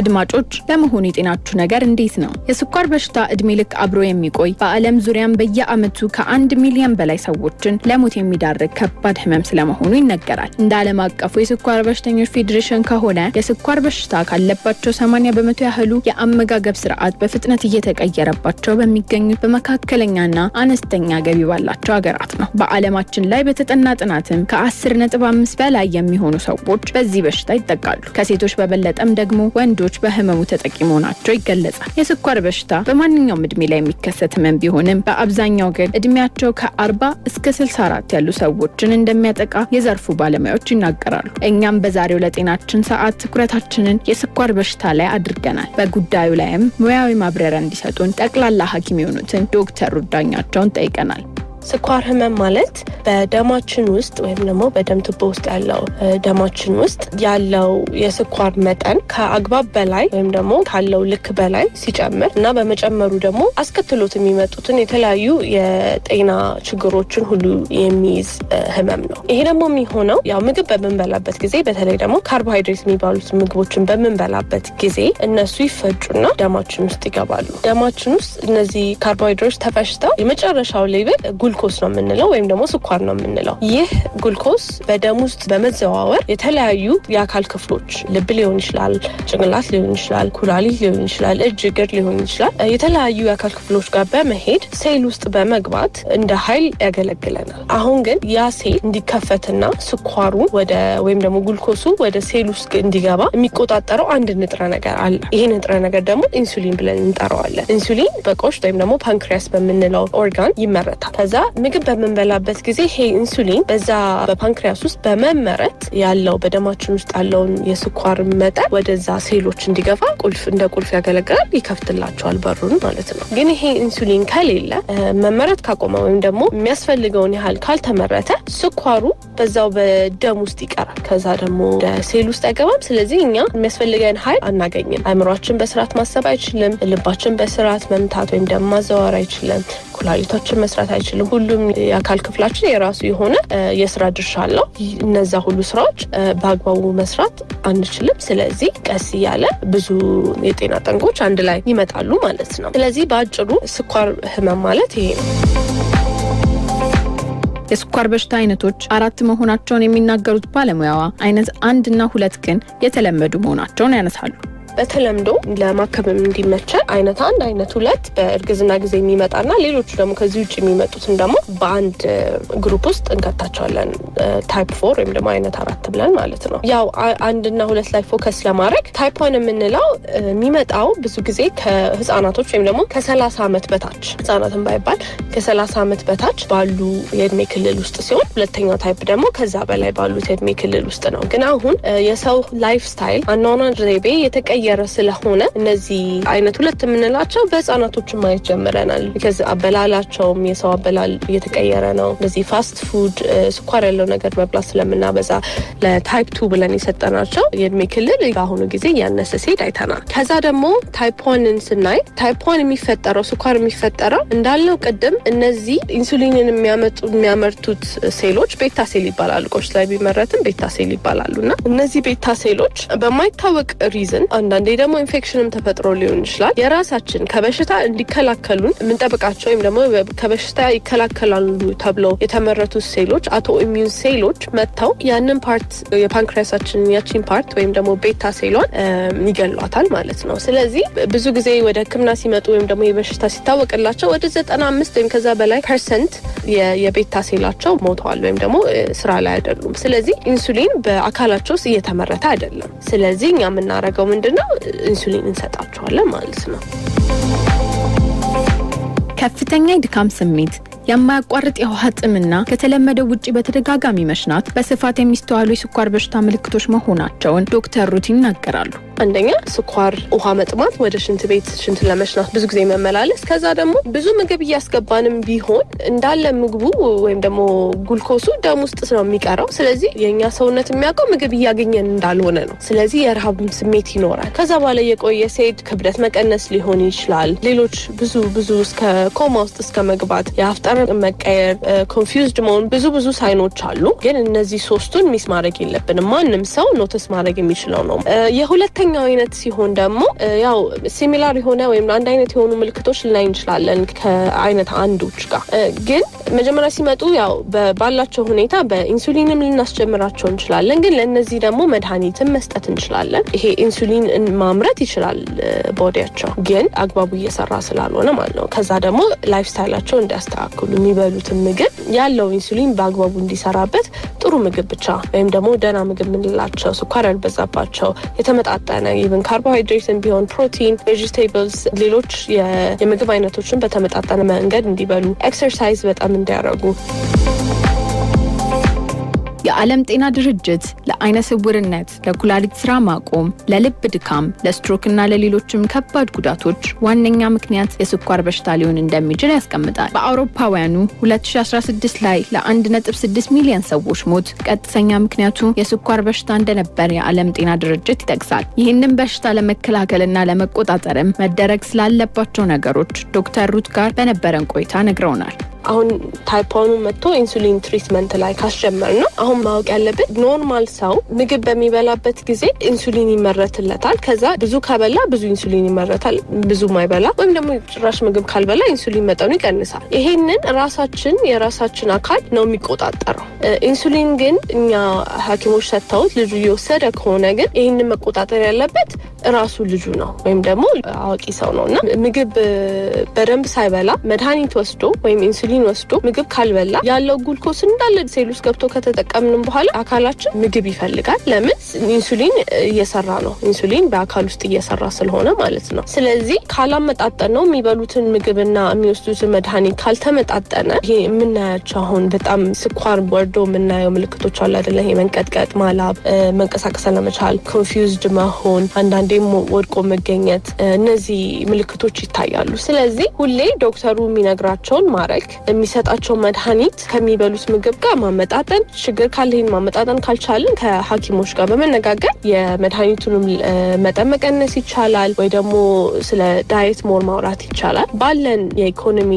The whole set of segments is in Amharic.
አድማጮች ለመሆኑ የጤናችሁ ነገር እንዴት ነው? የስኳር በሽታ እድሜ ልክ አብሮ የሚቆይ በዓለም ዙሪያም በየዓመቱ ከአንድ ሚሊዮን በላይ ሰዎችን ለሞት የሚዳርግ ከባድ ህመም ስለመሆኑ ይነገራል። እንደ ዓለም አቀፉ የስኳር በሽተኞች ፌዴሬሽን ከሆነ የስኳር በሽታ ካለባቸው 80 በመቶ ያህሉ የአመጋገብ ስርዓት በፍጥነት እየተቀየረባቸው በሚገኙት በመካከለኛና አነስተኛ ገቢ ባላቸው ሀገራት ነው። በዓለማችን ላይ በተጠና ጥናትም ከ 5 በላይ የሚሆኑ ሰዎች በዚህ በሽታ ይጠቃሉ። ከሴቶች በበለጠም ደግሞ ወንዶች ሰዎች በህመሙ ተጠቂ መሆናቸው ይገለጻል። የስኳር በሽታ በማንኛውም እድሜ ላይ የሚከሰት ህመም ቢሆንም በአብዛኛው ግን እድሜያቸው ከ40 እስከ 64 ያሉ ሰዎችን እንደሚያጠቃ የዘርፉ ባለሙያዎች ይናገራሉ። እኛም በዛሬው ለጤናችን ሰዓት ትኩረታችንን የስኳር በሽታ ላይ አድርገናል። በጉዳዩ ላይም ሙያዊ ማብራሪያ እንዲሰጡን ጠቅላላ ሐኪም የሆኑትን ዶክተር ሩዳኛቸውን ጠይቀናል። ስኳር ህመም ማለት በደማችን ውስጥ ወይም ደግሞ በደም ቱቦ ውስጥ ያለው ደማችን ውስጥ ያለው የስኳር መጠን ከአግባብ በላይ ወይም ደግሞ ካለው ልክ በላይ ሲጨምር እና በመጨመሩ ደግሞ አስከትሎት የሚመጡትን የተለያዩ የጤና ችግሮችን ሁሉ የሚይዝ ህመም ነው። ይሄ ደግሞ የሚሆነው ያው ምግብ በምንበላበት ጊዜ በተለይ ደግሞ ካርቦሃይድሬት የሚባሉት ምግቦችን በምንበላበት ጊዜ እነሱ ይፈጩና ደማችን ውስጥ ይገባሉ። ደማችን ውስጥ እነዚህ ካርቦሃይድሬቶች ተፈሽተው የመጨረሻው ሌብል ጉልኮስ ነው የምንለው ወይም ደግሞ ስኳር ነው የምንለው። ይህ ጉልኮስ በደም ውስጥ በመዘዋወር የተለያዩ የአካል ክፍሎች ልብ ሊሆን ይችላል፣ ጭንቅላት ሊሆን ይችላል፣ ኩላሊት ሊሆን ይችላል፣ እጅ እግር ሊሆን ይችላል። የተለያዩ የአካል ክፍሎች ጋር በመሄድ ሴል ውስጥ በመግባት እንደ ኃይል ያገለግለናል። አሁን ግን ያ ሴል እንዲከፈትና ስኳሩ ወደ ወይም ደግሞ ጉልኮሱ ወደ ሴል ውስጥ እንዲገባ የሚቆጣጠረው አንድ ንጥረ ነገር አለ። ይሄ ንጥረ ነገር ደግሞ ኢንሱሊን ብለን እንጠረዋለን ኢንሱሊን በቆሽት ወይም ደግሞ ፓንክሪያስ በምንለው ኦርጋን ይመረታል። ከዛ ምግብ በምንበላበት ጊዜ ይሄ ኢንሱሊን በዛ በፓንክሪያስ ውስጥ በመመረት ያለው በደማችን ውስጥ ያለውን የስኳር መጠን ወደዛ ሴሎች እንዲገፋ ቁልፍ እንደ ቁልፍ ያገለግላል፣ ይከፍትላቸዋል በሩን ማለት ነው። ግን ይሄ ኢንሱሊን ከሌለ መመረት ካቆመ ወይም ደግሞ የሚያስፈልገውን ያህል ካልተመረተ ስኳሩ በዛው በደም ውስጥ ይቀራል። ከዛ ደግሞ ሴል ውስጥ አይገባም። ስለዚህ እኛ የሚያስፈልገን ኃይል አናገኝም። አእምሯችን በስርዓት ማሰብ አይችልም። ልባችን በስርዓት መምታት ወይም ደግሞ ማዘዋወር አይችልም። ኩላሊቶችን መስራት አይችልም። ሁሉም የአካል ክፍላችን የራሱ የሆነ የስራ ድርሻ አለው። እነዛ ሁሉ ስራዎች በአግባቡ መስራት አንችልም። ስለዚህ ቀስ እያለ ብዙ የጤና ጠንቆች አንድ ላይ ይመጣሉ ማለት ነው። ስለዚህ በአጭሩ ስኳር ህመም ማለት ይሄ ነው። የስኳር በሽታ አይነቶች አራት መሆናቸውን የሚናገሩት ባለሙያዋ አይነት አንድና ሁለት ግን የተለመዱ መሆናቸውን ያነሳሉ። በተለምዶ ለማከምም እንዲመቸን አይነት አንድ አይነት ሁለት በእርግዝና ጊዜ የሚመጣና ሌሎቹ ደግሞ ከዚህ ውጭ የሚመጡትን ደግሞ በአንድ ግሩፕ ውስጥ እንከታቸዋለን ታይፕ ፎር ወይም ደግሞ አይነት አራት ብለን ማለት ነው። ያው አንድና ሁለት ላይ ፎከስ ለማድረግ ታይፕ ዋን የምንለው የሚመጣው ብዙ ጊዜ ከህጻናቶች ወይም ደግሞ ከሰላሳ አመት በታች ህጻናትን ባይባል ከሰላሳ ዓመት በታች ባሉ የእድሜ ክልል ውስጥ ሲሆን ሁለተኛው ታይፕ ደግሞ ከዛ በላይ ባሉት የእድሜ ክልል ውስጥ ነው። ግን አሁን የሰው ላይፍ ስታይል አኗኗር ዘይቤ የተቀየ እየተቀየረ ስለሆነ እነዚህ አይነት ሁለት የምንላቸው በህፃናቶች ማየት ጀምረናል። ከዚ አበላላቸውም የሰው አበላል እየተቀየረ ነው። እነዚህ ፋስት ፉድ ስኳር ያለው ነገር መብላት ስለምናበዛ ለታይፕ ቱ ብለን የሰጠናቸው የእድሜ ክልል በአሁኑ ጊዜ እያነሰ ሲሄድ አይተናል። ከዛ ደግሞ ታይፕ ዋንን ስናይ ታይፕ ዋን የሚፈጠረው ስኳር የሚፈጠረው እንዳለው ቅድም እነዚህ ኢንሱሊንን የሚያመጡ የሚያመርቱት ሴሎች ቤታ ሴል ይባላሉ። ቆሽ ላይ ቢመረትም ቤታ ሴል ይባላሉ እና እነዚህ ቤታ ሴሎች በማይታወቅ ሪዝን አንዳንዴ ደግሞ ኢንፌክሽንም ተፈጥሮ ሊሆን ይችላል። የራሳችን ከበሽታ እንዲከላከሉን የምንጠብቃቸው ወይም ደግሞ ከበሽታ ይከላከላሉ ተብለው የተመረቱ ሴሎች አቶ ኢሚዩን ሴሎች መጥተው ያንን ፓርት የፓንክሪያሳችን ያችን ፓርት ወይም ደግሞ ቤታ ሴሏን ይገሏታል ማለት ነው። ስለዚህ ብዙ ጊዜ ወደ ሕክምና ሲመጡ ወይም ደግሞ የበሽታ ሲታወቅላቸው ወደ ዘጠና አምስት ወይም ከዛ በላይ ፐርሰንት የቤታ ሴላቸው ሞተዋል ወይም ደግሞ ስራ ላይ አይደሉም። ስለዚህ ኢንሱሊን በአካላቸው ውስጥ እየተመረተ አይደለም። ስለዚህ እኛ የምናደርገው ምንድን ነው ኢንሱሊን እንሰጣቸዋለን ማለት ነው። ከፍተኛ የድካም ስሜት የማያቋርጥ የውሃ ጥምና ከተለመደው ውጭ በተደጋጋሚ መሽናት በስፋት የሚስተዋሉ የስኳር በሽታ ምልክቶች መሆናቸውን ዶክተር ሩት ይናገራሉ። አንደኛ ስኳር ውሃ መጥማት፣ ወደ ሽንት ቤት ሽንት ለመሽናት ብዙ ጊዜ መመላለስ፣ ከዛ ደግሞ ብዙ ምግብ እያስገባንም ቢሆን እንዳለ ምግቡ ወይም ደግሞ ጉልኮሱ ደም ውስጥ ነው የሚቀረው። ስለዚህ የእኛ ሰውነት የሚያውቀው ምግብ እያገኘን እንዳልሆነ ነው። ስለዚህ የረሃብ ስሜት ይኖራል። ከዛ በኋላ የቆየ ሴድ ክብደት መቀነስ ሊሆን ይችላል። ሌሎች ብዙ ብዙ እስከ ኮማ ውስጥ እስከ መግባት የአፍጠር መቀየር፣ ኮንፊውዝድ መሆን ብዙ ብዙ ሳይኖች አሉ። ግን እነዚህ ሶስቱን ሚስ ማድረግ የለብንም። ማንም ሰው ኖትስ ማድረግ የሚችለው ነው። የሁለተኛው አይነት ሲሆን ደግሞ ያው ሲሚላር የሆነ ወይም አንድ አይነት የሆኑ ምልክቶች ልናይ እንችላለን ከአይነት አንዶች ጋር ግን መጀመሪያ ሲመጡ ያው ባላቸው ሁኔታ በኢንሱሊንም ልናስጀምራቸው እንችላለን። ግን ለእነዚህ ደግሞ መድኃኒትን መስጠት እንችላለን። ይሄ ኢንሱሊን ማምረት ይችላል ቦዲያቸው፣ ግን አግባቡ እየሰራ ስላልሆነ ማለት ነው። ከዛ ደግሞ ላይፍ ስታይላቸው እንዲያስተካክሉ ያክሉ የሚበሉትን ምግብ ያለው ኢንሱሊን በአግባቡ እንዲሰራበት ጥሩ ምግብ ብቻ ወይም ደግሞ ደና ምግብ የምንላቸው ስኳር ያልበዛባቸው የተመጣጠነ ኢቨን ካርቦሃይድሬትን ቢሆን ፕሮቲን፣ ቬጅቴብልስ፣ ሌሎች የምግብ አይነቶችን በተመጣጠነ መንገድ እንዲበሉ ኤክሰርሳይዝ በጣም እንዲያደርጉ የዓለም ጤና ድርጅት ለአይነ ስውርነት፣ ለኩላሊት ስራ ማቆም፣ ለልብ ድካም፣ ለስትሮክና ለሌሎችም ከባድ ጉዳቶች ዋነኛ ምክንያት የስኳር በሽታ ሊሆን እንደሚችል ያስቀምጣል። በአውሮፓውያኑ 2016 ላይ ለ1.6 ሚሊዮን ሰዎች ሞት ቀጥተኛ ምክንያቱ የስኳር በሽታ እንደነበር የዓለም ጤና ድርጅት ይጠቅሳል። ይህንን በሽታ ለመከላከልና ለመቆጣጠርም መደረግ ስላለባቸው ነገሮች ዶክተር ሩት ጋር በነበረን ቆይታ ነግረውናል። አሁን ታይፖኑ መጥቶ ኢንሱሊን ትሪትመንት ላይ ካስጀመር ነው አሁን ማወቅ ያለብን ኖርማል ሰው ምግብ በሚበላበት ጊዜ ኢንሱሊን ይመረትለታል። ከዛ ብዙ ከበላ ብዙ ኢንሱሊን ይመረታል። ብዙ ማይበላ ወይም ደግሞ ጭራሽ ምግብ ካልበላ ኢንሱሊን መጠኑ ይቀንሳል። ይሄንን ራሳችን የራሳችን አካል ነው የሚቆጣጠረው። ኢንሱሊን ግን እኛ ሀኪሞች ሰጥተውት ልጁ እየወሰደ ከሆነ ግን ይህንን መቆጣጠር ያለበት ራሱ ልጁ ነው ወይም ደግሞ አዋቂ ሰው ነው እና ምግብ በደንብ ሳይበላ መድኃኒት ወስዶ ወይም ኢንሱሊን ወስዶ ምግብ ካልበላ ያለው ጉልኮስ እንዳለ ሴል ውስጥ ገብቶ ከተጠቀምንም በኋላ አካላችን ምግብ ይፈልጋል። ለምን? ኢንሱሊን እየሰራ ነው። ኢንሱሊን በአካል ውስጥ እየሰራ ስለሆነ ማለት ነው። ስለዚህ ካላመጣጠን ነው የሚበሉትን ምግብና የሚወስዱትን መድኃኒት ካልተመጣጠነ ይሄ የምናያቸው አሁን በጣም ስኳር ወርዶ የምናየው ምልክቶች አሉ አይደለ? ይሄ መንቀጥቀጥ፣ ማላብ፣ መንቀሳቀስ አለመቻል፣ ኮንፊውዝድ መሆን አንዳንድ እንዲሁም ወድቆ መገኘት እነዚህ ምልክቶች ይታያሉ። ስለዚህ ሁሌ ዶክተሩ የሚነግራቸውን ማድረግ፣ የሚሰጣቸው መድኃኒት ከሚበሉት ምግብ ጋር ማመጣጠን፣ ችግር ካለ ይህን ማመጣጠን ካልቻልን ከሐኪሞች ጋር በመነጋገር የመድኃኒቱንም መጠን መቀነስ ይቻላል ወይ ደግሞ ስለ ዳየት ሞር ማውራት ይቻላል። ባለን የኢኮኖሚ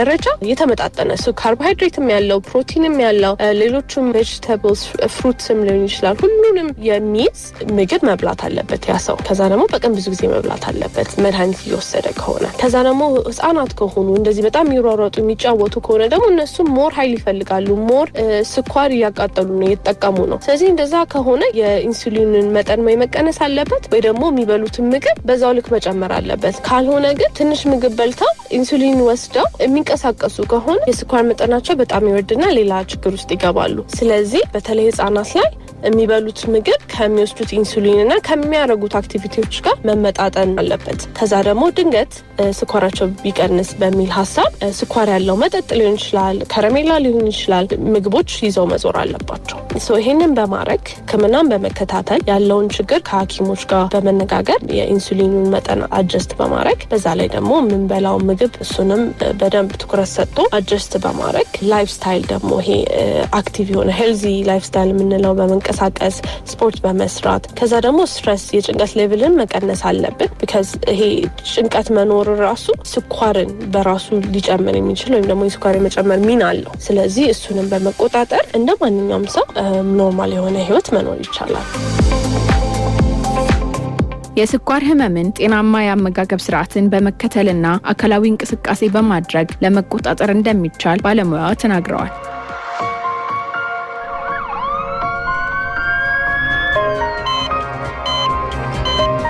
ደረጃ የተመጣጠነ ካርቦሃይድሬትም ያለው ፕሮቲንም ያለው ሌሎችም ቬጅተብልስ ፍሩትስም ሊሆን ይችላል ሁሉንም የሚይዝ ምግብ መብላት አለበት ያ ሰው። ከዛ ደግሞ በቀን ብዙ ጊዜ መብላት አለበት መድኃኒት እየወሰደ ከሆነ። ከዛ ደግሞ ህጻናት ከሆኑ እንደዚህ በጣም የሚሯሯጡ የሚጫወቱ ከሆነ ደግሞ እነሱ ሞር ሀይል ይፈልጋሉ። ሞር ስኳር እያቃጠሉ ነው እየተጠቀሙ ነው። ስለዚህ እንደዛ ከሆነ የኢንሱሊንን መጠን ወይ መቀነስ አለበት ወይ ደግሞ የሚበሉትን ምግብ በዛው ልክ መጨመር አለበት። ካልሆነ ግን ትንሽ ምግብ በልተው ኢንሱሊን ወስደው የሚንቀሳቀሱ ከሆነ የስኳር መጠናቸው በጣም ይወድና ሌላ ችግር ውስጥ ይገባሉ። ስለዚህ በተለይ ህጻናት ላይ የሚበሉት ምግብ ከሚወስዱት ኢንሱሊን እና ከሚያደርጉት አክቲቪቲዎች ጋር መመጣጠን አለበት። ከዛ ደግሞ ድንገት ስኳራቸው ቢቀንስ በሚል ሀሳብ ስኳር ያለው መጠጥ ሊሆን ይችላል፣ ከረሜላ ሊሆን ይችላል፣ ምግቦች ይዘው መዞር አለባቸው። ይህንን በማድረግ ሕክምናን በመከታተል ያለውን ችግር ከሐኪሞች ጋር በመነጋገር የኢንሱሊኑን መጠን አጀስት በማድረግ በዛ ላይ ደግሞ የምንበላው ምግብ እሱንም በደንብ ትኩረት ሰጥቶ አጀስት በማድረግ ላይፍ ስታይል ደግሞ ይሄ አክቲቭ የሆነ ሄልዚ ላይፍ ስታይል የምንለው በመንቀ በመንቀሳቀስ ስፖርት በመስራት ከዛ ደግሞ ስትረስ የጭንቀት ሌቭልን መቀነስ አለብን። ቢካዝ ይሄ ጭንቀት መኖር ራሱ ስኳርን በራሱ ሊጨምር የሚችል ወይም ደግሞ የስኳር የመጨመር ሚና አለው። ስለዚህ እሱንም በመቆጣጠር እንደ ማንኛውም ሰው um, ኖርማል የሆነ ህይወት መኖር ይቻላል። የስኳር ህመምን ጤናማ የአመጋገብ ስርዓትን በመከተልና አካላዊ እንቅስቃሴ በማድረግ ለመቆጣጠር እንደሚቻል ባለሙያዋ ተናግረዋል።